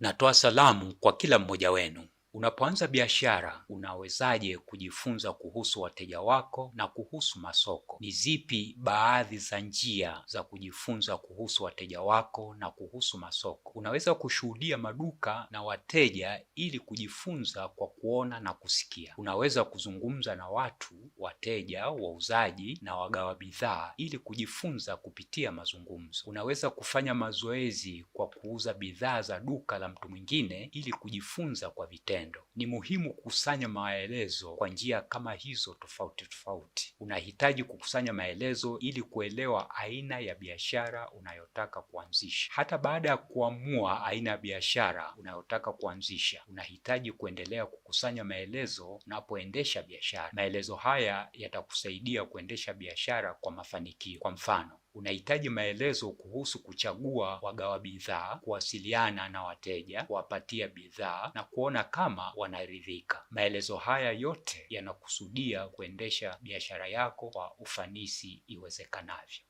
Natoa salamu kwa kila mmoja wenu. Unapoanza biashara unawezaje kujifunza kuhusu wateja wako na kuhusu masoko? Ni zipi baadhi za njia za kujifunza kuhusu wateja wako na kuhusu masoko? Unaweza kushuhudia maduka na wateja ili kujifunza kwa kuona na kusikia. Unaweza kuzungumza na watu, wateja, wauzaji na wagawa bidhaa ili kujifunza kupitia mazungumzo. Unaweza kufanya mazoezi kwa kuuza bidhaa za duka la mtu mwingine ili kujifunza kwa vitendo vitendo. Ni muhimu kukusanya maelezo kwa njia kama hizo tofauti tofauti. Unahitaji kukusanya maelezo ili kuelewa aina ya biashara unayotaka kuanzisha. Hata baada ya kuamua aina ya biashara unayotaka kuanzisha, unahitaji kuendelea kukusanya maelezo unapoendesha biashara. Maelezo haya yatakusaidia kuendesha biashara kwa mafanikio. Kwa mfano Unahitaji maelezo kuhusu kuchagua wagawa bidhaa, kuwasiliana na wateja, kuwapatia bidhaa na kuona kama wanaridhika. Maelezo haya yote yanakusudia kuendesha biashara yako kwa ufanisi iwezekanavyo.